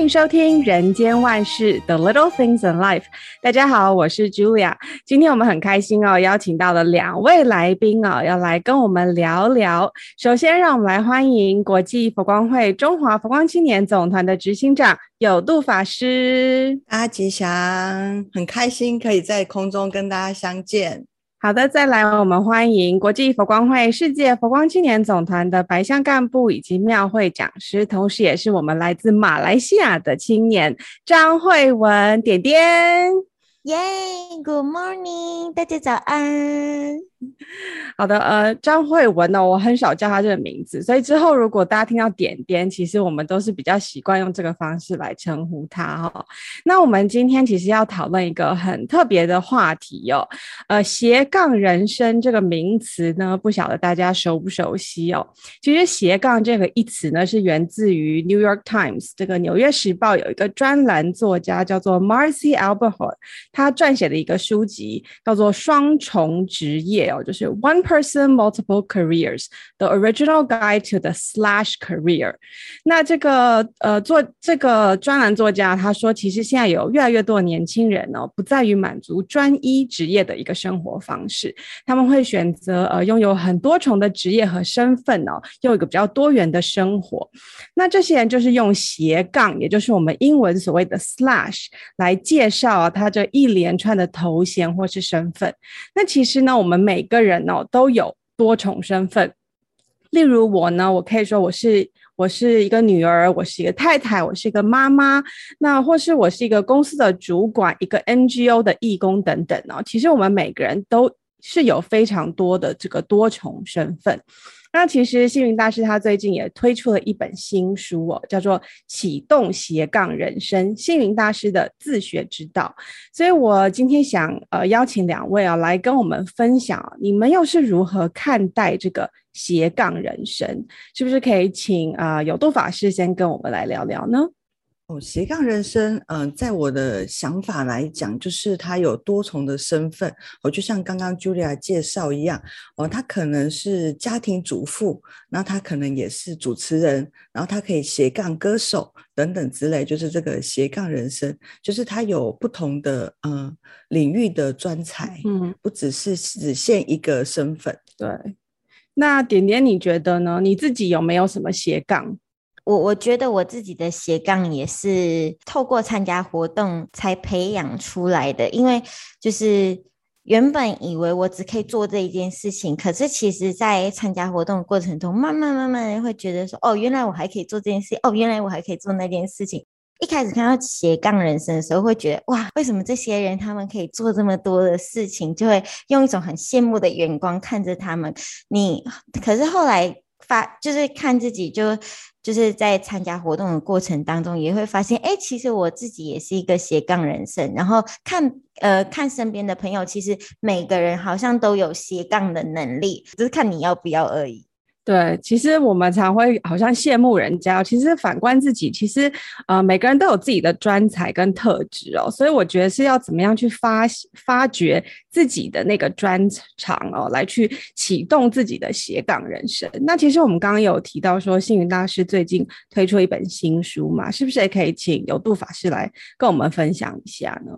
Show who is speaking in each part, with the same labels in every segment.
Speaker 1: 歡迎收聽《人間萬事 The Little Things in Life》。大家好，我是 Julia。今天我們很開心哦，邀請到了兩位來賓哦，要來跟我們聊聊。首先，讓我們來歡迎國際佛光會中華佛光青年總團的執行長，有度法師。
Speaker 2: 阿吉祥，很開心可以在空中跟大家相見。
Speaker 1: 好的，再來我們歡迎國際佛光會世界佛光青年總團的白象幹部，以及妙慧講師，同時也是我們來自馬來西亞的青年張慧文點點。
Speaker 3: 耶、yeah，Good morning，大
Speaker 1: 家早安。好的，呃，張慧文呢，哦，我很少叫他這個名字，所以之後如果大家聽到點點，其實我們都是比較習慣用這個方式來稱呼他哈，哦。那我們今天其實要討論一個很特別的話題哦，呃，斜槓人生這個名詞呢，不曉得大家熟不熟悉哦。其實斜槓這個一詞呢，是源自於《New York Times》這個《紐約時報》有一個專欄作家叫做 Marcy Alberhood，他撰寫的一個書籍叫做《雙重職業》。就是 one person multiple careers the original guide to the slash career。那這個呃，作，這個專欄作家，他說，其實現在有越來越多的年輕人哦，不在於滿足專一職業的一個生活方式，他們會選擇呃，擁有很多重的職業和身份哦，有一個比較多元的生活。那這些人就是用斜槓，也就是我們英文所謂的 slash 來介紹啊，他這一連串的頭銜或是身份。那其實呢，我們每每個人呢，都有多重身份。例如我呢，我可以說我是我是一個女兒，我是一個太太，我是一個媽媽，那或是我是一個公司的主管，一個 NGO 的義工等等呢，其實我們每個人都是有非常多的這個多重身份。那其實星雲大師他最近也推出了一本新書哦，叫做《啟動斜槓人生：星雲大師的自學之道》。所以我今天想呃邀請兩位啊來跟我們分享、啊，你們又是如何看待這個斜槓人生？是不是可以請啊、呃、有度法師先跟我們來聊聊
Speaker 2: 呢？哦，斜槓人生，嗯、呃，在我的想法來講，就是他有多重的身份。我、哦、就像剛剛 Julia 介紹一樣，哦，他可能是家庭主婦，那他可能也是主持人，然後他可以斜槓歌手等等之類，就是這個斜槓人生，就是他有不同的呃領域的專才，嗯，不只是只限一個身份。對。
Speaker 3: 那點點，你覺得呢？你自己有沒有什麼斜槓？我我覺得我自己的斜槓也是透過參加活動才培養出來的，因為就是原本以為我只可以做這一件事情，可是其實在參加活動的過程中，慢慢慢慢地會覺得說，哦，原來我還可以做這件事情，哦，原來我還可以做那件事情。一開始看到斜槓人生的時候，會覺得哇，為什麼這些人他們可以做這麼多的事情，就會用一種很羨慕的眼光看着他們。你可是後來發，就是看自己就。就是在參加活動的過程當中，也會發現，哎，其實我自己也是一個斜槓人生。然後看，呃，看身邊的朋友，其實每個人好像都有斜槓的能力，只是看你要不要而已。
Speaker 1: 對，其實我們常會好像羨慕人家，其實反觀自己，其實呃，每個人都有自己的專才跟特質哦，所以我覺得是要怎麼樣去發發掘自己的那個專長哦，來去啟動自己的斜槓人生。那其實我們剛剛有提到說，星雲大師最近推出一本新書嘛，是不是也可以請有度法師來跟我們分
Speaker 2: 享一下呢？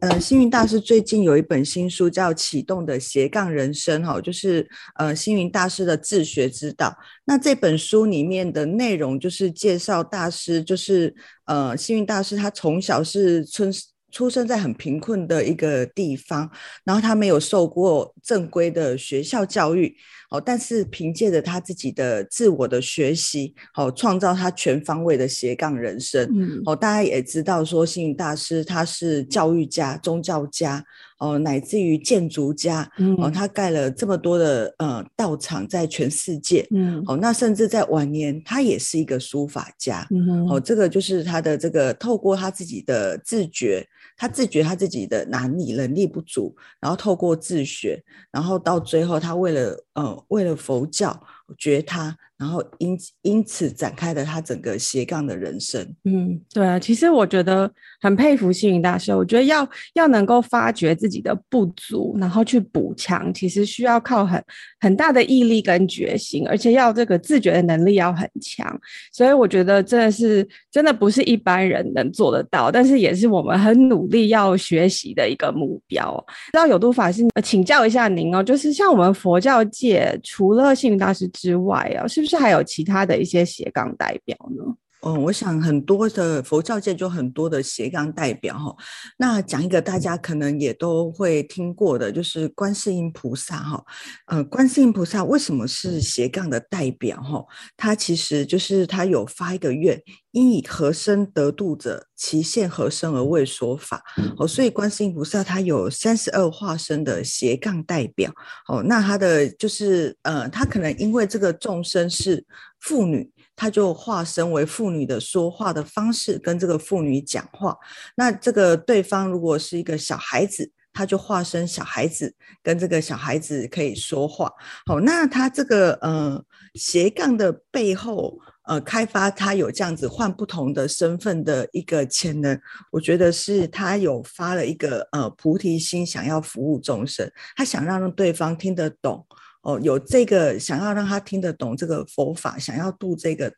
Speaker 2: 呃，星雲大師最近有一本新書，叫《啟動的斜槓人生》哈、哦，就是呃，星雲大師的自學之道。那這本書裡面的內容，就是介紹大師，就是呃，星雲大師他從小是出出生在很貧困的一個地方，然後他沒有受過正規的學校教育。哦，但是憑借着他自己的自我的學習，哦，創造他全方位的斜槓人生。嗯、哦，大家也知道說，星雲大師他是教育家、宗教家，哦，乃至於建築家。嗯，哦、他蓋了這麼多的呃道場在全世界。嗯、哦，那甚至在晚年，他也是一個書法家。嗯哼、哦，這個就是他的這個透過他自己的自覺。他自覺他自己的能力，能力不足，然後透過自學，然後到最後他為了呃為了佛教我覺他，然後因因此展開了他整個斜槓的人生。
Speaker 1: 嗯，對啊，其實我覺得很佩服星雲大師。我覺得要要能夠發掘自己的不足，然後去補強，其實需要靠很。很大的毅力跟決心，而且要這個自覺的能力要很強，所以我覺得真的是真的不是一般人能做得到，但是也是我們很努力要學習的一個目標。知道有度法師，呃，請教一下您哦，就是像我們佛教界除了星雲大師之外啊、哦，是不是還有其他的一些
Speaker 2: 斜槓代表呢？哦，我想很多的佛教界就很多的斜槓代表哈、哦。那講一個大家可能也都會聽過的，就是觀世音菩薩哈、哦。呃，觀世音菩薩為什麼是斜槓的代表哈、哦？他其實就是他有發一個願：因以何身得度者，其現何身而為說法。哦，所以觀世音菩薩他有三十二化身的斜槓代表。哦，那他的就是呃，他可能因為這個眾生是婦女。他就化身為婦女的說話的方式跟這個婦女講話，那這個對方如果是一個小孩子，他就化身小孩子跟這個小孩子可以說話。好，那他這個呃斜槓的背後呃開發，他有這樣子換不同的身份的一個潛能，我覺得是他有發了一個呃菩提心，想要服務眾生，他想讓對方聽得懂。哦，有這個想要讓他聽得懂這個佛法，想要度這個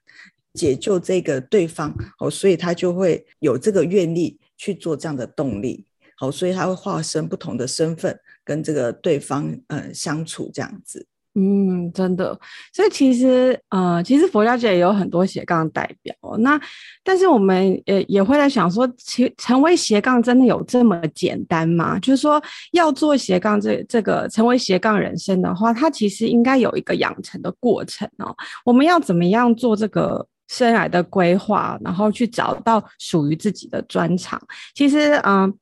Speaker 2: 解救這個對方哦，所以他就會有這個願力去做這樣的動力，好、哦，所以他會化身不同的身份跟這個對方呃相處這樣子。
Speaker 3: 嗯，
Speaker 1: 真的，所以其實呃，其實佛教界也有很多斜槓代表。那但是我們也也會在想說，其成為斜槓真的有這麼簡單嗎？就是說要做斜槓這這個成為斜槓人生的話，它其實應該有一個養成的過程哦。我們要怎麼樣做這個生涯的規劃，然後去找到屬於自己的專長。其實嗯。呃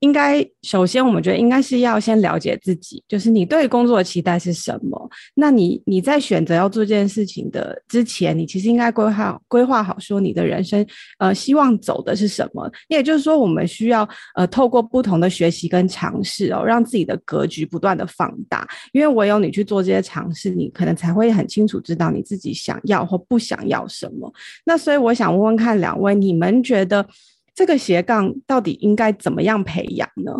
Speaker 1: 應該首先，我們覺得應該是要先了解自己，就是你對工作的期待是什麼？那你你在選擇要做這件事情的之前，你其實應該規劃規劃好，說你的人生呃希望走的是什麼。也就是說，我們需要呃透過不同的學習跟嘗試哦，讓自己的格局不斷的放大。因為唯有你去做這些嘗試，你可能才會很清楚知道你自己想要或不想要什麼。那所以我想問問看兩位，你們覺得？這個斜槓到底應該怎麼樣培養呢？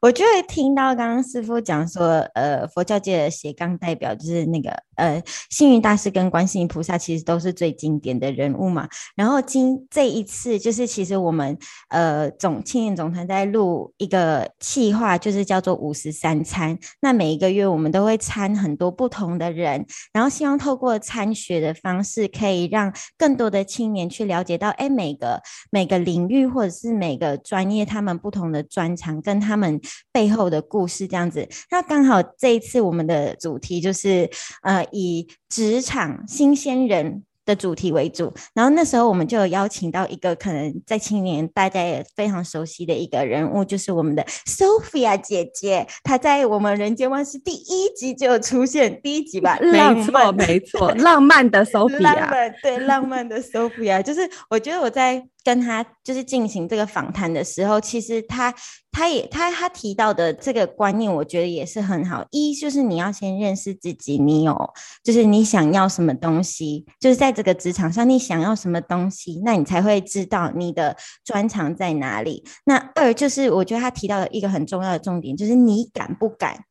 Speaker 3: 我就會聽到剛剛師父講說，呃，佛教界的斜槓代表就是那個。呃，星雲大師跟觀世音菩薩其實都是最經典的人物嘛。然後今這一次就是，其實我們呃，總青年總團在錄一個企劃，就是叫做五十三參。那每一個月我們都會參很多不同的人，然後希望透過參學的方式，可以讓更多的青年去了解到，哎，每個每個領域或者是每個專業，他們不同的專長跟他們背後的故事這樣子。那剛好這一次我們的主題就是呃。以職場新鮮人的主題為主，然後那時候我們就有邀請到一個可能在青年大家也非常熟悉的一個人物，就是我們的 Sophia 姐姐。她在我們《人間萬事》第一集就出現，第一集吧，沒錯，沒錯，浪漫的 Sophia 浪漫，對，浪漫的 Sophia，就是我覺得我在。跟他就是進行這個訪談的時候，其實他他也他他提到的這個觀念，我覺得也是很好。一就是你要先認識自己，你有就是你想要什麼東西，就是在這個職場上你想要什麼東西，那你才會知道你的專長在哪裡。那二就是我覺得他提到的一個很重要的重點，就是你敢不敢。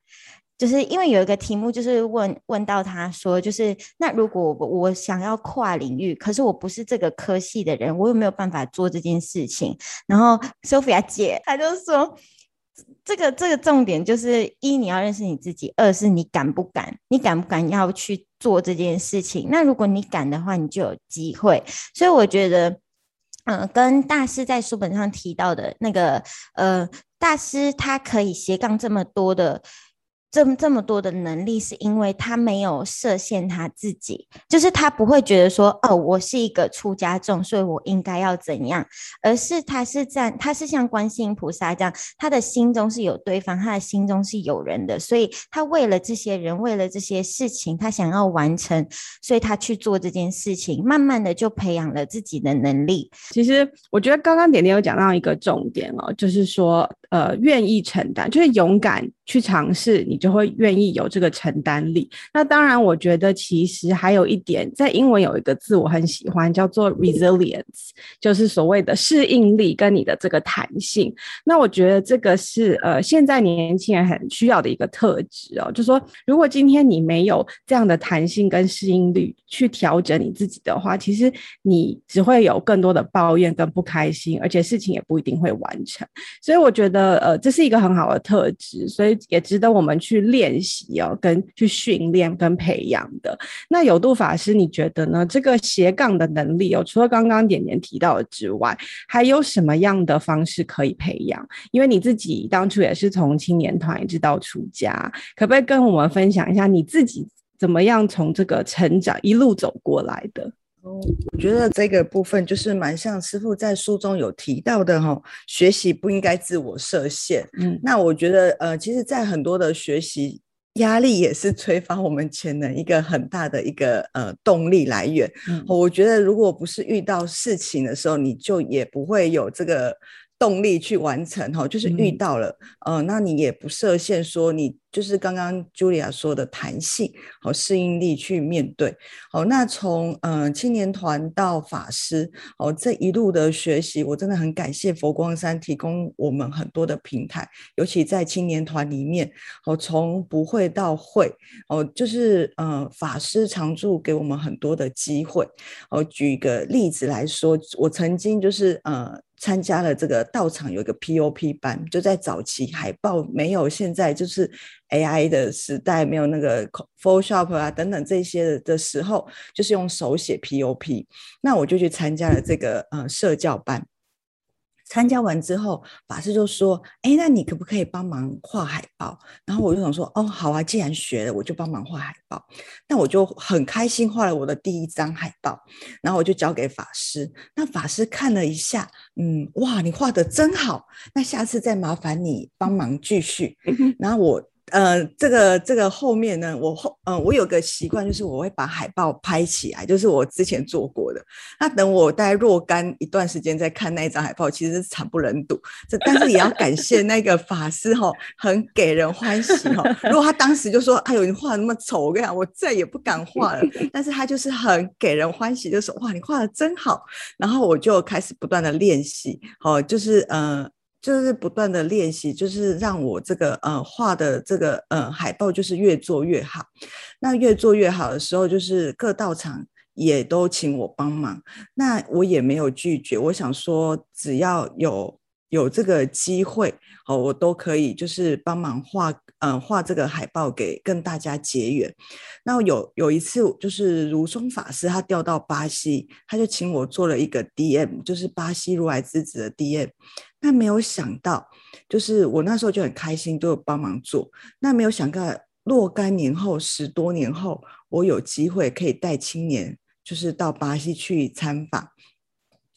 Speaker 3: 就是因為有一個題目，就是問問到他說，就是那如果我想要跨領域，可是我不是這個科系的人，我有沒有辦法做這件事情？然後 Sophia 姐，她就說，這個這個重點就是一，你要認識你自己；二是你敢不敢，你敢不敢要去做這件事情？那如果你敢的話，你就有機會。所以我覺得，嗯，跟大師在書本上提到的那個，呃，大師他可以斜槓這麼多的。這麼這麼多的能力，是因為他沒有設限他自己，就是他不會覺得說，哦，我是一個出家眾，所以我應該要怎樣，而是他是在，他是像觀世音菩薩這樣，他的心中是有對方，他的心中是有人的，所以他為了這些人，為了這些事情，他想要完成，所以他去做這件事情，慢慢的就培養了自己的能力。其實我覺得剛剛點點有講到一個重
Speaker 1: 點哦，就是說，呃，願意承擔，就是勇敢。去嘗試，你就會願意有這個承擔力。那當然，我覺得其實還有一點，在英文有一個字我很喜歡，叫做 resilience，就是所謂的適應力跟你的這個彈性。那我覺得這個是呃，現在年輕人很需要的一個特質哦。就說如果今天你沒有這樣的彈性跟適應力去調整你自己的話，其實你只會有更多的抱怨跟不開心，而且事情也不一定會完成。所以我覺得呃，這是一個很好的特質。所以也值得我們去練習哦，跟去訓練跟培養的。那有度法師，你覺得呢？這個斜槓的能力哦，除了剛剛點點提到的之外，還有什麼樣的方式可以培養？因為你自己當初也是從青年團一直到出家，可不可以跟我們分享一下你自己怎麼樣從這個成長一路走過來的？
Speaker 2: 哦，我覺得這個部分就是蠻像師父在書中有提到的哈、哦，學習不應該自我設限。嗯，那我覺得呃，其實，在很多的學習壓力也是催發我們潛能一個很大的一個呃動力來源，嗯哦。我覺得如果不是遇到事情的時候，你就也不會有這個。動力去完成哈，就是遇到了，嗯、呃，那你也不設限，說你就是剛剛 Julia 說的彈性和適應力去面對。好、呃，那從呃青年團到法師，哦、呃，這一路的學習，我真的很感謝佛光山提供我們很多的平台，尤其在青年團裡面，哦、呃，從不會到會，哦、呃，就是呃法師常住給我們很多的機會。哦、呃，舉一個例子來說，我曾經就是呃。參加了這個道場有一個 POP 班，就在早期海報沒有現在就是 AI 的時代，沒有那個 Photoshop 啊等等這些的時候，就是用手寫 POP。那我就去參加了這個呃社教班。參加完之後，法師就說：“哎，那你可不可以幫忙畫海報？”然後我就想說：“哦，好啊，既然學了，我就幫忙畫海報。”那我就很開心畫了我的第一張海報，然後我就交給法師。那法師看了一下，嗯，哇，你畫得真好！那下次再麻煩你幫忙繼續。然後我。呃，這個這個後面呢，我後呃，我有個習慣，就是我會把海報拍起來，就是我之前做過的。那等我待若干一段時間再看那一張海報，其實是慘不忍睹。這但是也要感謝那個法師哈、哦， 很給人歡喜哈、哦。如果他當時就說：“哎呦，你畫的那麼醜！”我跟你講，我再也不敢畫了。 但是他就是很給人歡喜，就是、說：“哇，你畫的真好。”然後我就開始不斷的練習，好、哦，就是呃。就是不斷的練習，就是讓我這個呃畫的這個呃海報就是越做越好。那越做越好的時候，就是各道場也都請我幫忙，那我也沒有拒絕。我想說，只要有有這個機會，好、哦，我都可以就是幫忙畫。嗯、呃，畫這個海報給跟大家結緣。那有有一次，就是如松法師他調到巴西，他就請我做了一個 DM，就是巴西如來之子的 DM。那沒有想到，就是我那時候就很開心，就有幫忙做。那沒有想到，若干年後，十多年後，我有機會可以帶青年，就是到巴西去參訪。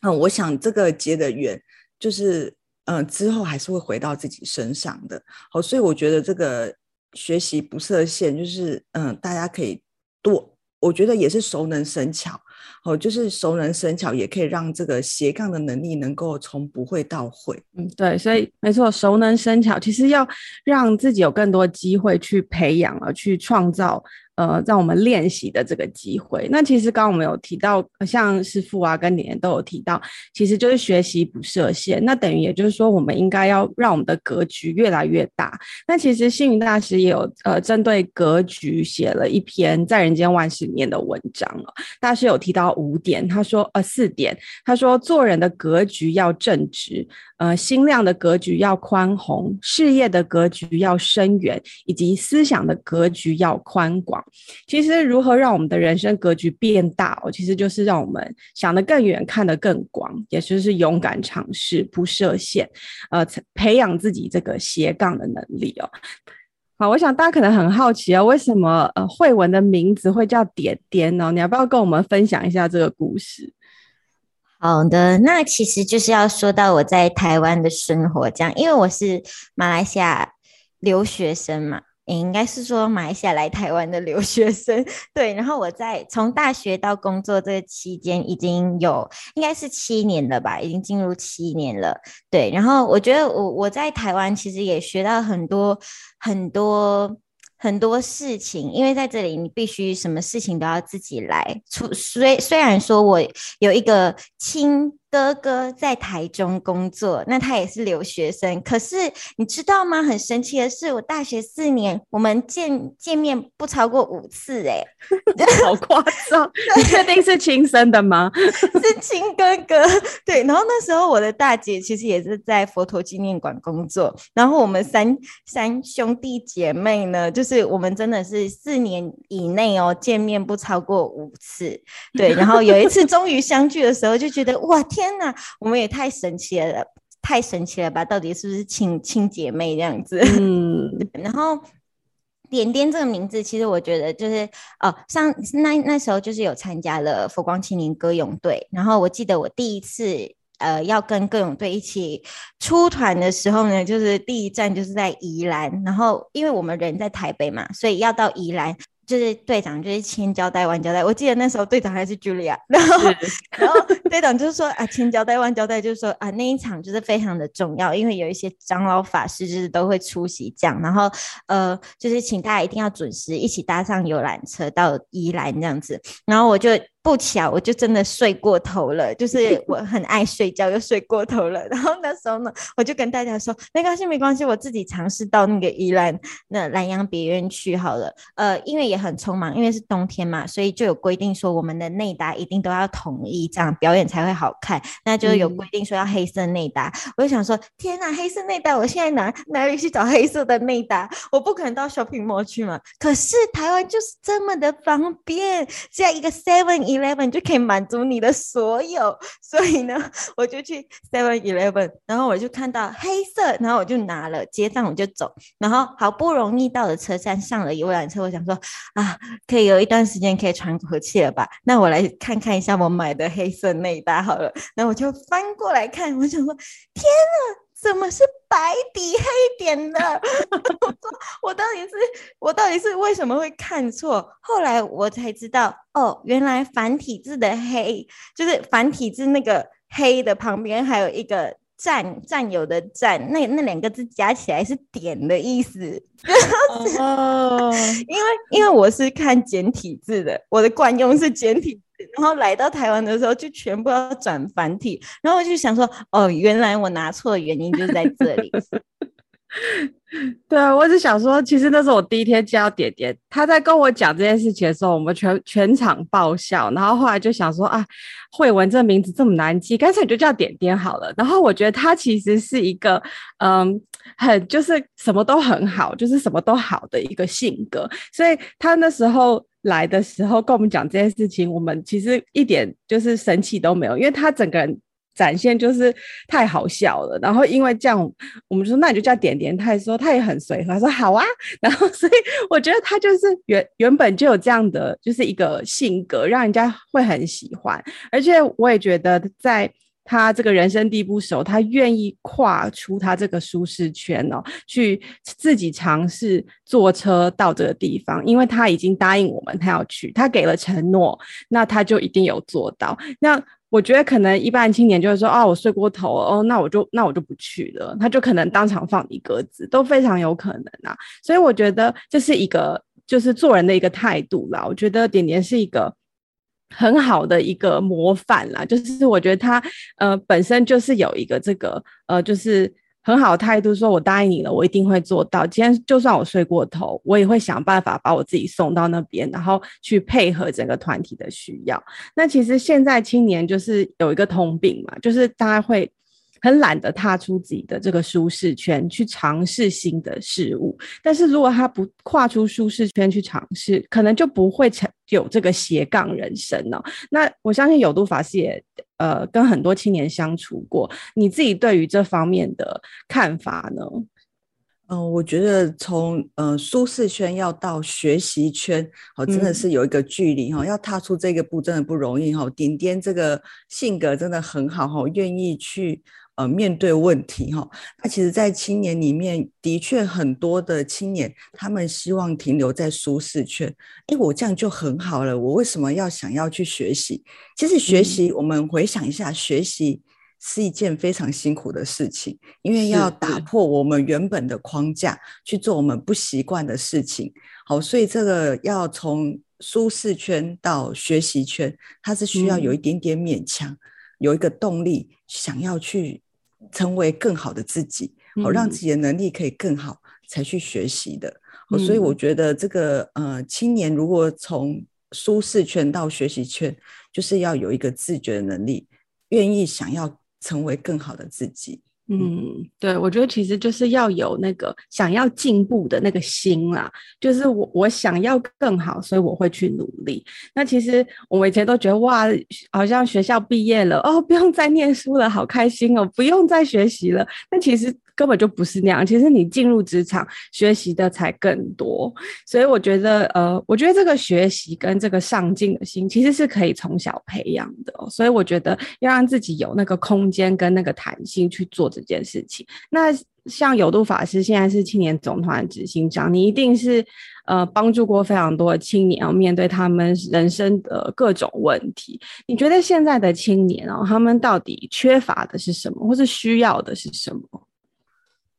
Speaker 2: 那、呃、我想這個結的緣，就是。嗯，之後還是會回到自己身上的。好、哦，所以我覺得這個學習不設限，就是嗯，大家可以多，我覺得也是熟能生巧。好、哦，就是熟能生巧，也可以讓這個斜槓的能力能夠從不會到會。嗯，
Speaker 1: 對，所以沒錯，熟能生巧，其實要讓自己有更多機會去培養，而去創造。呃，讓我們練習的這個機會。那其實剛剛我們有提到，像師父啊跟年都有提到，其實就是學習不設限。那等於也就是說，我們應該要讓我們的格局越來越大。那其實星雲大師也有呃針對格局寫了一篇在《人間萬事》裡面的文章哦，呃，大師有提到五點，他說呃四點，他說做人的格局要正直，呃心量的格局要寬宏，事業的格局要深遠，以及思想的格局要寬廣。其實，如何讓我們的人生格局變大哦？其實就是讓我們想得更遠，看得更廣，也就是勇敢嘗試，不設限，呃，培養自己這個斜槓的能力哦。好，我想大家可能很好奇啊、哦，為什麼呃慧文的名字會叫點點呢、哦？你要不要跟我們分享一下這個
Speaker 3: 故事？好的，那其實就是要說到我在台灣的生活這樣，因為我是馬來西亞留學生嘛。也、欸、應該是說馬來西亞來臺灣的留學生，對。然後我在從大學到工作這個期間已經有應該是七年了吧，已經進入七年了。對，然後我覺得我我在臺灣其實也學到很多很多很多事情，因為在這裡你必須什麼事情都要自己來。除雖雖然說我有一個親哥哥在台中工作，那他也是留學生。可是你知道嗎？很神奇的是，我大學四年我們見見面不超過五次哎、欸， 好誇誇張張！ 你確定是親生的嗎？ 是親哥哥。對，然後那時候我的大姐其實也是在佛陀紀念館工作，然後我們三三兄弟姐妹呢，就是我們真的是四年以內哦、喔，見面不超過五次。對，然後有一次終於相聚的時候，就覺得 哇天！天吶、啊，我們也太神奇了，太神奇了吧？到底是不是親親姐妹這樣子？嗯， 然後點點這個名字，其實我覺得就是哦，上那那時候就是有參加了佛光青年歌詠隊，然後我記得我第一次呃要跟歌詠隊一起出團的時候呢，就是第一站就是在宜蘭，然後因為我們人在台北嘛，所以要到宜蘭。就是隊長，就是千交代萬交代。我記得那時候隊長還是 Julia，然後，然後隊長就是說啊，千交代萬交代，就是說啊，那一場就是非常的重要，因為有一些長老法師就是都會出席這樣。然後，呃，就是請大家一定要準時一起搭上遊覽車到宜蘭這樣子。然後我就。不巧，我就真的睡過頭了，就是我很愛睡覺，又 睡過頭了。然後那時候呢，我就跟大家說，沒關係，沒關係，我自己嘗試到那個宜蘭那蘭陽別院去好了。呃，因為也很匆忙，因為是冬天嘛，所以就有規定說我們的內搭一定都要統一，這樣表演才會好看。那就有規定說要黑色內搭，嗯，我就想說，天吶、啊，黑色內搭，我現在哪哪裡去找黑色的內搭？我不可能到 shopping mall 去嘛。可是台灣就是這麼的方便，這樣一個 seven。Eleven 就可以滿足你的所有，所以呢，我就去 Seven Eleven，然後我就看到黑色，然後我就拿了，結賬我就走，然後好不容易到了車站，上了一列車，我想說啊，可以有一段時間可以喘口氣了吧？那我來看看一下我買的黑色內搭好了，然後我就翻過來看，我想說，天啊！怎麼是白底黑點的？我 說 我到底是我到底是為什麼會看錯？後來我才知道哦，原來繁體字的“黑”就是繁體字那個“黑”的旁邊還有一個站“占占有”的“占”，那那兩個字加起來是“點”的意思。哦、Oh. 因為因為我是看簡體字的，我的慣用是簡體。然後來到台灣的時候，就全部要轉繁體。然後我就想說，哦，原來我拿錯的原因就在這裡。 對啊，我只想說，其實那是候時我第一天叫點
Speaker 1: 點，他在跟我講這件事情的時候，我們全全場爆笑。然後後來就想說，啊，慧文這名字這麼難記，乾脆就叫點點好了。然後我覺得他其實是一個，嗯，很就是什麼都很好，就是什麼都好的一個性格。所以他那時候。來的時候跟我們講這件事情，我們其實一點就是神氣都沒有，因為他整個人展現就是太好笑了。然後因為這樣，我們就說那你就叫點點，他說他也很隨和，他說好啊。然後所以我覺得他就是原原本就有這樣的就是一個性格，讓人家會很喜歡。而且我也覺得在。他這個人生地不熟，他願意跨出他這個舒適圈哦，去自己嘗試坐車到這個地方，因為他已經答應我們，他要去，他給了承諾，那他就一定有做到。那我覺得可能一般青年就會說：“哦，我睡過頭了哦，那我就那我就不去了。”他就可能當場放你鴿子，都非常有可能啊。所以我覺得這是一個就是做人的一個態度啦。我覺得點點是一個。很好的一個模範啦，就是我覺得他，呃，本身就是有一個這個，呃，就是很好的態度，說我答應你了，我一定會做到。今天就算我睡過頭，我也會想辦法把我自己送到那邊，然後去配合整個團體的需要。那其實現在青年就是有一個通病嘛，就是大家會。很懶得踏出自己的這個舒適圈去嘗試新的事物，但是如果他不跨出舒適圈去嘗試，可能就不會成有這個斜槓人生了哦。那我相信有度法師也呃跟很多青年相處過，你自己對於這方面的看
Speaker 2: 法呢？嗯、呃，我覺得從呃舒適圈要到學習圈，好、哦、真的是有一個距離哈、嗯哦，要踏出這個步真的不容易哈。點、哦、點這個性格真的很好哈、哦，願意去呃面對問題哈。那、哦啊、其實，在青年裡面，的確很多的青年他們希望停留在舒適圈，誒，我這樣就很好了，我為什麼要想要去學習？其實學習，嗯、我們回想一下，學習。是一件非常辛苦的事情，因為要打破我們原本的框架去做我們不習慣的事情。好、哦，所以這個要從舒適圈到學習圈，它是需要有一點點勉強、嗯，有一個動力想要去成為更好的自己，好、哦、讓自己的能力可以更好才去學習的、哦。所以我覺得這個呃，青年如果從舒適圈到學習圈，就是要有一個自覺的能力，願意想要。成為更好的自己。嗯，對，
Speaker 1: 我覺得其實就是要有那個想要進步的那個心啦、啊。就是我我想要更好，所以我會去努力。那其實我以前都覺得哇，好像學校畢業了哦，不用再念書了，好開心哦，不用再學習了。那其實。根本就不是那樣。其實你進入職場學習的才更多，所以我覺得，呃，我覺得這個學習跟這個上進的心，其實是可以從小培養的哦。所以我覺得要讓自己有那個空間跟那個彈性去做這件事情。那像有度法師現在是青年總團執行長，你一定是呃幫助過非常多的青年，要面對他們人生的各種問題。你覺得現在的青年哦，他們到底缺乏的是什麼，或是需要的是什麼？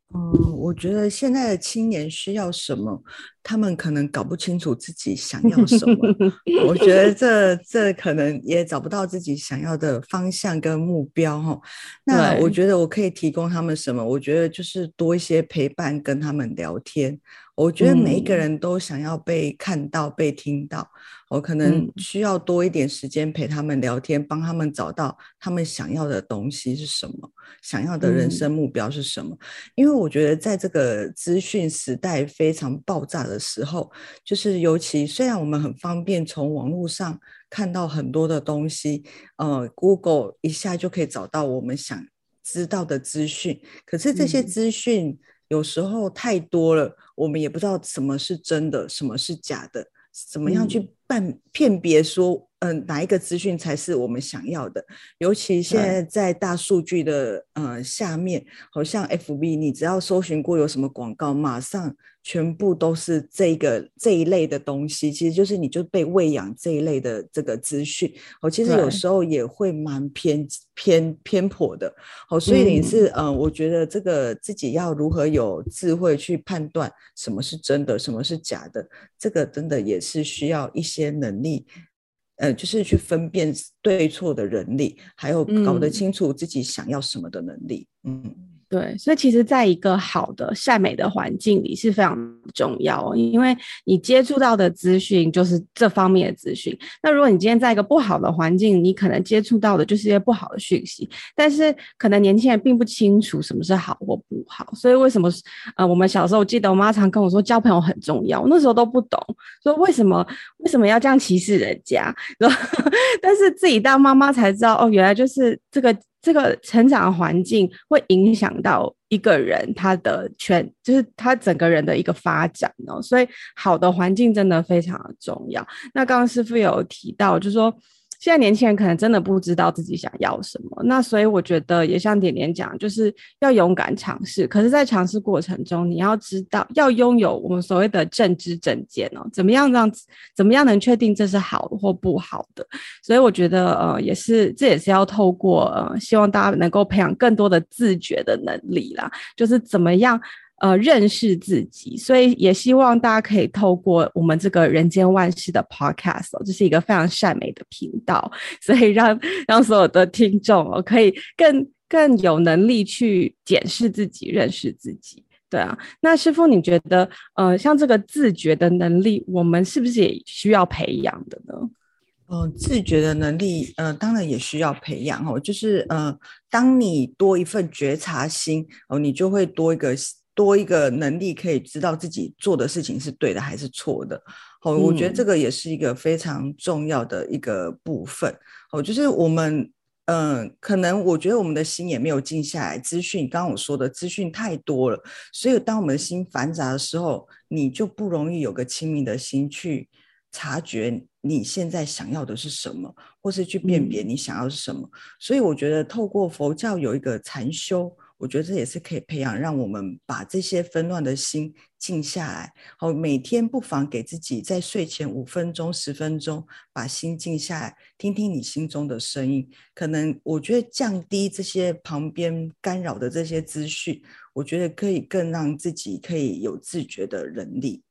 Speaker 2: 哦、嗯，我覺得現在的青年需要什麼，他們可能搞不清楚自己想要什麼。 我覺得這這可能也找不到自己想要的方向跟目標哈、哦。那我覺得我可以提供他們什麼？我覺得就是多一些陪伴，跟他們聊天。我覺得每一個人都想要被看到、嗯、被聽到。我可能需要多一點時間陪他們聊天，幫、嗯、他們找到他們想要的東西是什麼，想要的人生目標是什麼。嗯、因為我覺得，在這個資訊時代非常爆炸的時候，就是尤其雖然我們很方便從網絡上看到很多的東西，呃，Google 一下就可以找到我們想知道的資訊，可是這些資訊有時候太多了。嗯我們也不知道什麼是真的，什麼是假的，怎麼樣去辦，嗯、辨別說，嗯、呃，哪一個資訊才是我們想要的？尤其現在在大數據的、嗯、呃下面，好像 FB，你只要搜尋過有什麼廣告，馬上。全部都是這一個這一類的東西，其實就是你就被餵養這一類的這個資訊。我、哦、其實有時候也會蠻偏偏偏頗的。好、哦，所以你是嗯、呃，我覺得這個自己要如何有智慧去判斷什麼是真的，什麼是假的，這個真的也是需要一些能力，嗯、呃，就是去分辨對錯的能力，還有搞得清楚自己想要什麼的能力，嗯。嗯對，所以其
Speaker 1: 實，在一個好的善美的環境裡是非常重要哦，因為你接觸到的資訊就是這方面的資訊。那如果你今天在一個不好的環境，你可能接觸到的就是一些不好的訊息。但是，可能年輕人並不清楚什麼是好或不好，所以為什麼？呃，我們小時候我記得我媽常跟我說，交朋友很重要。那時候都不懂，說為什麼為什麼要這樣歧視人家？然後，但是自己當媽媽才知道，哦，原來就是這個。這個成長環境會影響到一個人他的全，就是他整個人的一個發展哦，所以好的環境真的非常的重要。那剛剛師父有提到，就是說，現在年輕人可能真的不知道自己想要什麼，那所以我覺得也像點點講，就是要勇敢嘗試。可是，在嘗試過程中，你要知道要擁有我們所謂的正知正見哦，怎麼樣讓怎麼樣能確定這是好或不好的？所以我覺得，呃，也是，這也是要透過，呃，希望大家能夠培養更多的自覺的能力啦，就是怎麼樣。呃，認識自己，所以也希望大家可以透過我們這個《人間萬事》的 Podcast 哦，這是一個非常善美的頻道，所以讓讓所有的聽眾哦，可以更更有能力去檢視自己、認識自己。對啊，那師父，你覺得呃，像這個自覺的能力，我們是不是也需要培養的呢？嗯、
Speaker 2: 呃，自覺的能力，嗯、呃，當然也需要培養哦。就是呃，當你多一份覺察心哦、呃，你就會多一個。多一個能力，可以知道自己做的事情是對的還是錯的。好，我覺得這個也是一個非常重要的一個部分。嗯、好，就是我們，嗯、呃，可能我覺得我們的心也沒有靜下來。資訊，剛剛我說的資訊太多了，所以當我們的心繁雜的時候，你就不容易有個清明的心去察覺你現在想要的是什麼，或是去辨別你想要的是什麼、嗯。所以我覺得，透過佛教有一個禪修。我覺得這也是可以培養，讓我們把這些紛亂的心靜下來。好，每天不妨給自己在睡前五分鐘、十分鐘，把心靜下來，聽聽你心中的聲音。可能我覺得降低這些旁邊干擾的這些資訊，我覺得可以更讓自己可以有自覺的能力。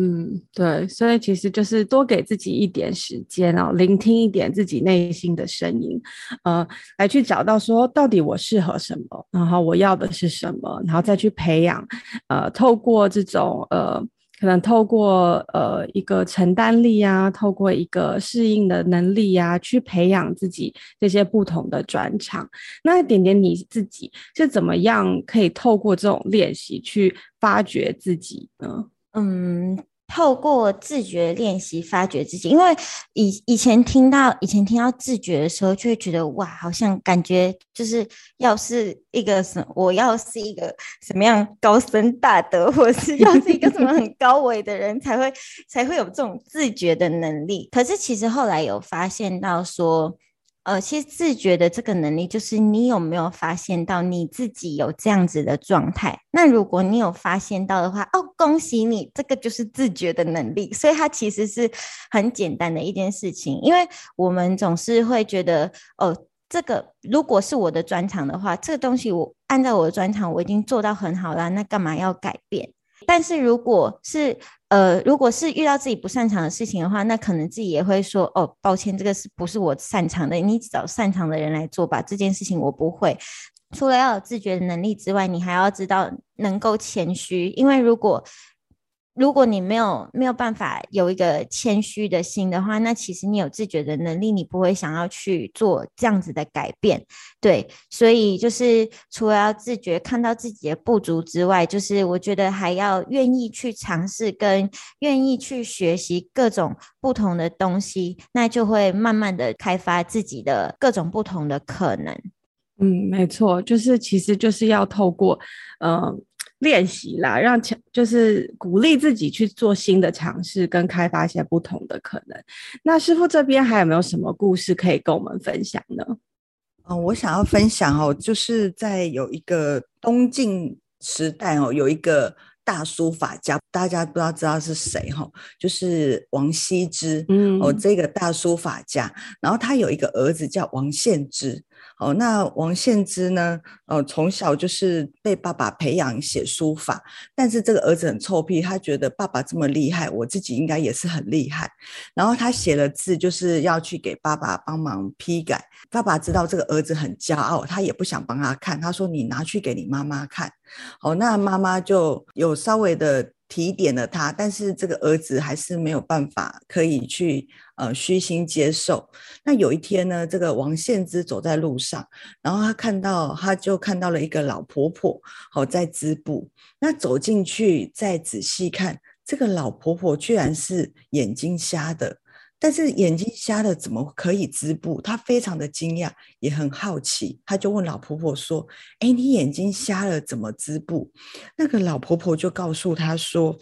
Speaker 1: 嗯，對，所以其實就是多給自己一點時間哦，然後聆聽一點自己內心的聲音，呃，來去找到說到底我適合什麼，然後我要的是什麼，然後再去培養，呃，透過這種呃，可能透過呃一個承擔力呀、啊，透過一個適應的能力呀、啊，去培養自己這些不同的轉場。那一點點你自己是怎麼樣可以透
Speaker 3: 過這種練習去發掘自己呢？嗯。透過自覺練習發掘自己，因為以以前聽到以前聽到自覺的時候，就會覺得哇，好像感覺就是要是一個什麼，我要是一個什麼樣高深大德，或是要是一個什麼很高偉的人，才會， 才、會才會有這種自覺的能力。可是其實後來有發現到說。呃，其實自覺的這個能力，就是你有沒有發現到你自己有這樣子的狀態？那如果你有發現到的話，哦，恭喜你，這個就是自覺的能力。所以它其實是很簡單的一件事情，因為我們總是會覺得，哦，這個如果是我的專長的話，這個東西我按照我的專長我已經做到很好了，那幹嘛要改變？但是如果是呃，如果是遇到自己不擅長的事情的話，那可能自己也會說哦，抱歉，這個是不是我擅長的。你找擅長的人來做吧。這件事情我不會。除了要有自覺的能力之外，你還要知道能夠謙虛，因為如果如果你沒有沒有辦法有一個謙虛的心的話，那其實你有自覺的能力，你不會想要去做這樣子的改變，對。所以就是除了要自覺看到自己的不足之外，就是我覺得還要願意去嘗試跟願意去學習各種不同的東西，那就會慢慢的開發自己的各種不同的可能。
Speaker 1: 嗯，沒錯，就是其實就是要透過嗯。呃練習啦，讓強就是鼓勵自己去做新的嘗試，跟開發一些不同的可能。那師父這邊還有沒有什麼故事可以跟我們分
Speaker 2: 享呢？嗯、呃，我想要分享哦，就是在有一個東晉時代哦，有一個大書法家，大家不知道知道是誰哈、哦，就是王羲之。嗯，哦，這個大書法家，然後他有一個兒子叫王獻之。哦，那王獻之呢？呃，從小就是被爸爸培養寫書法，但是這個兒子很臭屁，他覺得爸爸這麼厲害，我自己應該也是很厲害。然後他寫了字，就是要去給爸爸幫忙批改。爸爸知道這個兒子很驕傲，他也不想幫他看，他說：“你拿去給你媽媽看。”哦，那媽媽就有稍微的提點了他，但是這個兒子還是沒有辦法可以去。呃，虛心接受。那有一天呢，這個王獻之走在路上，然後他看到，他就看到了一個老婆婆，好、哦、在織布。那走進去再仔細看，這個老婆婆居然是眼睛瞎的。但是眼睛瞎的怎麼可以織布？他非常的驚訝，也很好奇。他就問老婆婆說：“誒，你眼睛瞎了怎麼織布？”那個老婆婆就告訴他說：“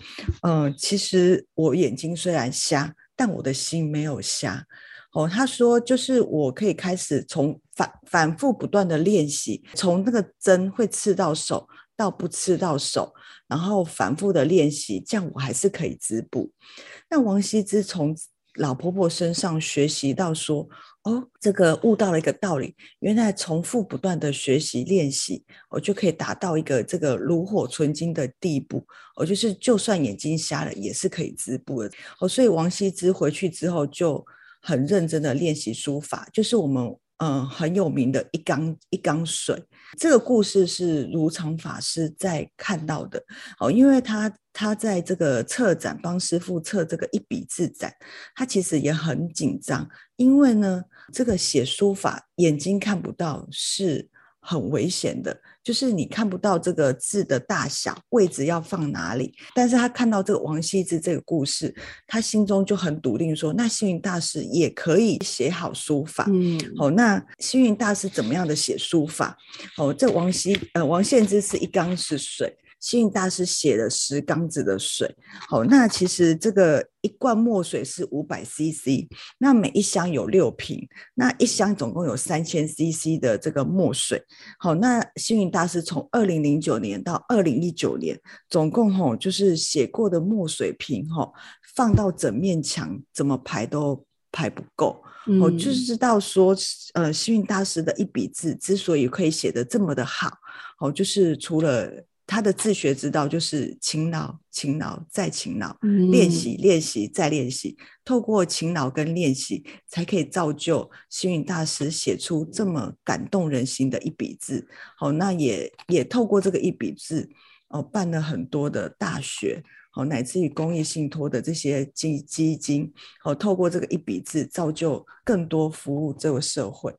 Speaker 2: 嗯、呃，其實我眼睛雖然瞎。”但我的心沒有瞎，哦，他說，就是我可以開始從反反復不斷的練習，從那個針會刺到手到不刺到手，然後反覆的練習，這樣我還是可以織補。但王羲之從老婆婆身上學習到說。哦，這個悟到了一個道理，原來重複不斷的學習練習，我、哦、就可以達到一個這個爐火純青的地步。我、哦、就是就算眼睛瞎了，也是可以織布的。哦，所以王羲之回去之後就很認真的練習書法，就是我們嗯、呃、很有名的一缸一缸水。這個故事是如常法師在看到的哦，因為他他在這個策展幫師父測這個一筆字展，他其實也很緊張，因為呢。這個寫書法眼睛看不到是很危險的，就是你看不到這個字的大小、位置要放哪裡。但是他看到這個王羲之這個故事，他心中就很篤定說：那星雲大師也可以寫好書法。嗯，好，哦，那星雲大師怎麼樣的寫書法哦，這王羲呃王獻之是一缸是水。星雲大師寫了十缸子的水，好，那其實這個一罐墨水是五百 CC，那每一箱有六瓶，那一箱總共有三千 CC 的這個墨水，好，那星雲大師從二零零九年到二零一九年，總共吼就是寫過的墨水瓶吼，放到整面牆怎麼排都排不夠，我、嗯、就知道說，呃，星雲大師的一筆字之所以可以寫得這麼的好，好，就是除了他的自學之道就是勤勞、勤勞再勤勞，練習、練習再練習。透過勤勞跟練習，才可以造就星雲大師寫出這麼感動人心的一筆字。好，那也也透過這個一筆字，哦、呃，辦了很多的大學，好、呃，乃至於公益信托的這些基基金，好、呃，透過這個一筆字，造就更多服務這個社會。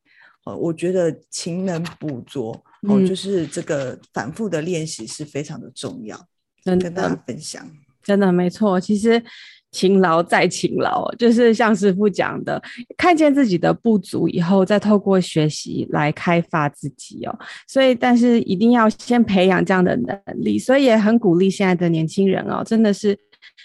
Speaker 2: 好、呃，我覺得勤能補拙。哦，就是這個反覆的練習是非常的重要，
Speaker 1: 跟、嗯、跟大家分享，真的沒錯。其實勤勞再勤勞，就是像師父講的，看見自己的不足以後，再透過學習來開發自己哦。所以，但是一定要先培養這樣的能力，所以也很鼓勵現在的年輕人哦，真的是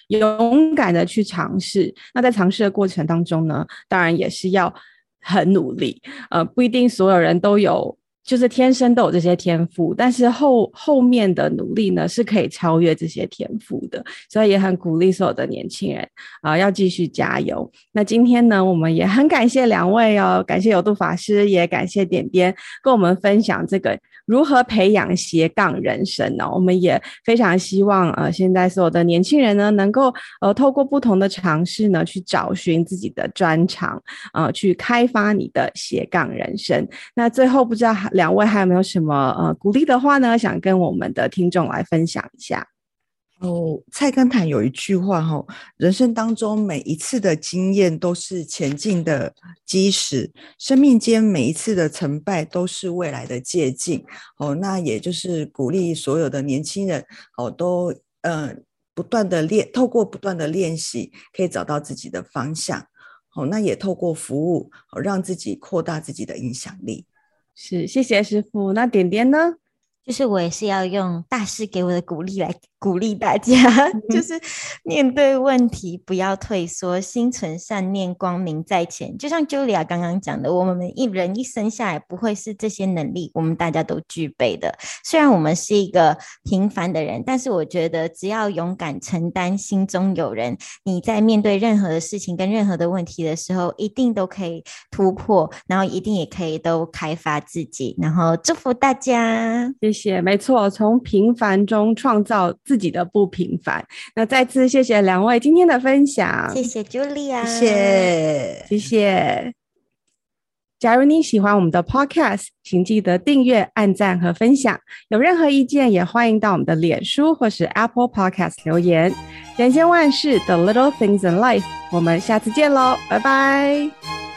Speaker 1: 勇敢的去嘗試。那在嘗試的過程當中呢，當然也是要很努力，呃，不一定所有人都有。就是天生都有這些天賦，但是後後面的努力呢，是可以超越這些天賦的，所以也很鼓勵所有的年輕人啊、呃，要繼續加油。那今天呢，我們也很感謝兩位哦，感謝有度法師，也感謝點點跟我們分享這個如何培養斜槓人生呢、哦？我們也非常希望呃，現在所有的年輕人呢，能夠呃，透過不同的嘗試呢，去找尋自己的專長啊、呃，去開發你的斜槓人生。那最後不知道還。兩位還有沒有什麼呃鼓勵的話呢？想跟我們的聽
Speaker 2: 眾來分享一下。哦，菜根譚有一句話哈、哦：人生當中每一次的經驗都是前進的基石，生命間每一次的成敗都是未來的借鑑。哦，那也就是鼓勵所有的年輕人哦，都呃不斷的練，透過不斷的練習，可以找到自己的方向。哦，那也透過服務，哦、讓自己擴大自己的影響力。
Speaker 3: 是，謝謝師傅。那點點呢？就是我也是要用大師給我的鼓勵來，鼓勵大家， 就是面對問題不要退縮，心存善念，光明在前。就像 Julia 剛剛講的，我們一人一生下來不會是這些能力，我們大家都具備的。雖然我們是一個平凡的人，但是我覺得只要勇敢承擔，心中有人，你在面對任何的事情跟任何的問題的時候，一定都可以突破，然後一定也可以都開發自己。然後祝福大家，謝謝。沒錯，從平
Speaker 1: 凡中創造自己。自己的不平凡。那再次謝謝兩位今天的分享，謝
Speaker 3: 謝 Julia，謝
Speaker 1: 謝，謝謝。假如你喜歡我們的 Podcast，請記得訂閱、按讚和分享。有任何意見，也歡迎到我們的臉書或是 Apple Podcast 留言。人間萬事，The Little Things in Life。我們下次見嘍，拜拜。